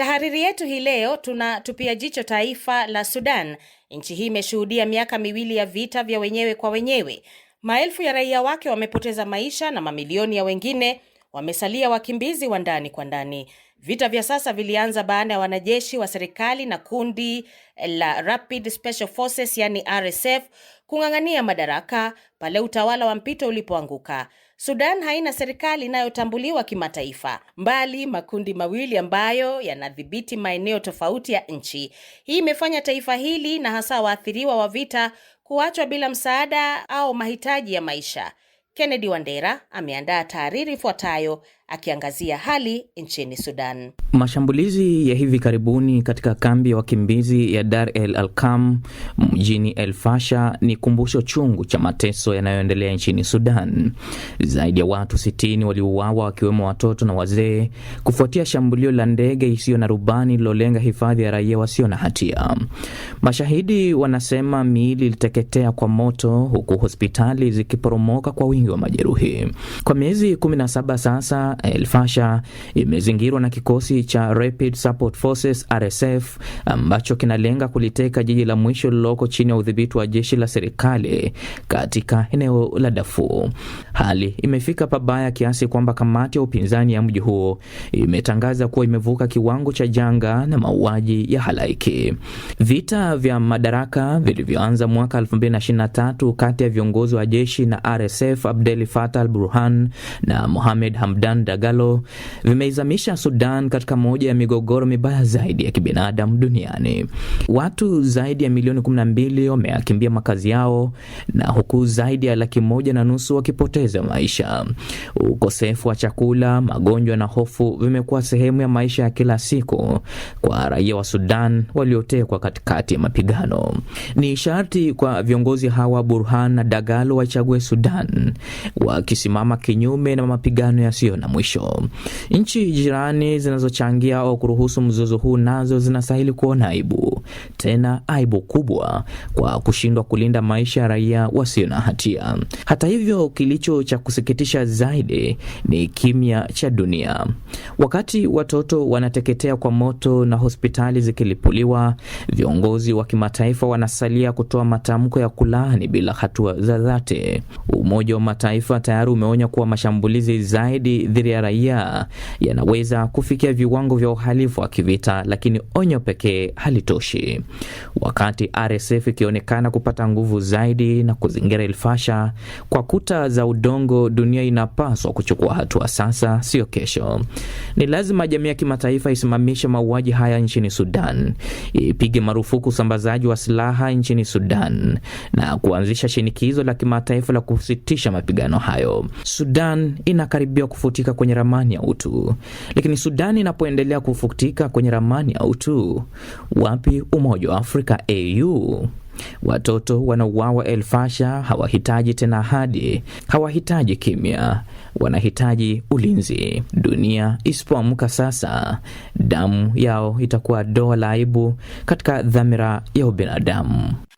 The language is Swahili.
Tahariri yetu hii leo tunatupia jicho taifa la Sudan. Nchi hii imeshuhudia miaka miwili ya vita vya wenyewe kwa wenyewe. Maelfu ya raia wake wamepoteza maisha na mamilioni ya wengine wamesalia wakimbizi wa ndani kwa ndani. Vita vya sasa vilianza baada ya wanajeshi wa serikali na kundi la Rapid Special Forces yani RSF kung'ang'ania madaraka pale utawala wa mpito ulipoanguka. Sudan haina serikali inayotambuliwa kimataifa, mbali makundi mawili ambayo yanadhibiti maeneo tofauti ya nchi. Hii imefanya taifa hili na hasa waathiriwa wa vita kuachwa bila msaada au mahitaji ya maisha. Kennedy Wandera ameandaa taarifa ifuatayo akiangazia hali nchini Sudan. Mashambulizi ya hivi karibuni katika kambi ya wakimbizi ya Dar el Alkam mjini El Fasha ni kumbusho chungu cha mateso yanayoendelea nchini Sudan. Zaidi ya watu 60 waliuawa wakiwemo watoto na wazee kufuatia shambulio la ndege isiyo na rubani lilolenga hifadhi ya raia wasio na hatia. Mashahidi wanasema miili iliteketea kwa moto huku hospitali zikiporomoka kwa wingi wa majeruhi. Kwa miezi 17 sasa Elfasha imezingirwa na kikosi cha Rapid Support Forces RSF ambacho kinalenga kuliteka jiji la mwisho lililoko chini ya udhibiti wa jeshi la serikali katika eneo la Dafu. Hali imefika pabaya kiasi kwamba kamati ya upinzani ya mji huo imetangaza kuwa imevuka kiwango cha janga na mauaji ya halaiki. Vita vya madaraka vilivyoanza mwaka 2023 kati ya viongozi wa jeshi na RSF Abdel Fattah al-Burhan na Mohamed Hamdan Dagalo vimeizamisha Sudan katika moja ya migogoro mibaya zaidi ya kibinadamu duniani. Watu zaidi ya milioni 12 wameakimbia makazi yao na huku zaidi ya laki moja na nusu wakipoteza maisha. Ukosefu wa chakula, magonjwa na hofu vimekuwa sehemu ya maisha ya kila siku kwa raia wa Sudan waliotekwa katikati ya mapigano. Ni sharti kwa viongozi hawa Burhan na Dagalo wachague Sudan wakisimama kinyume na mapigano yasiyo na mwisho. Nchi jirani zinazochangia au kuruhusu mzozo huu nazo zinastahili kuona aibu tena aibu kubwa kwa kushindwa kulinda maisha ya raia wasio na hatia. Hata hivyo, kilicho cha kusikitisha zaidi ni kimya cha dunia. Wakati watoto wanateketea kwa moto na hospitali zikilipuliwa, viongozi wa kimataifa wanasalia kutoa matamko ya kulaani bila hatua za dhati. Umoja wa Mataifa tayari umeonya kuwa mashambulizi zaidi dhidi ya raia yanaweza kufikia viwango vya uhalifu wa kivita, lakini onyo pekee halitoshi kijeshi, wakati RSF ikionekana kupata nguvu zaidi na kuzingira Elfasha kwa kuta za udongo. Dunia inapaswa kuchukua hatua sasa, sio kesho. Ni lazima jamii ya kimataifa isimamishe mauaji haya nchini Sudan, ipige marufuku usambazaji wa silaha nchini Sudan na kuanzisha shinikizo la kimataifa la kusitisha mapigano hayo. Sudan inakaribia kufutika kwenye ramani ya utu, lakini Sudan inapoendelea kufutika kwenye ramani ya utu, wapi Umoja wa Afrika AU. Watoto wanauawa elfasha hawahitaji tena ahadi, hawahitaji kimya, wanahitaji ulinzi. Dunia isipoamka sasa, damu yao itakuwa doa la aibu katika dhamira ya ubinadamu.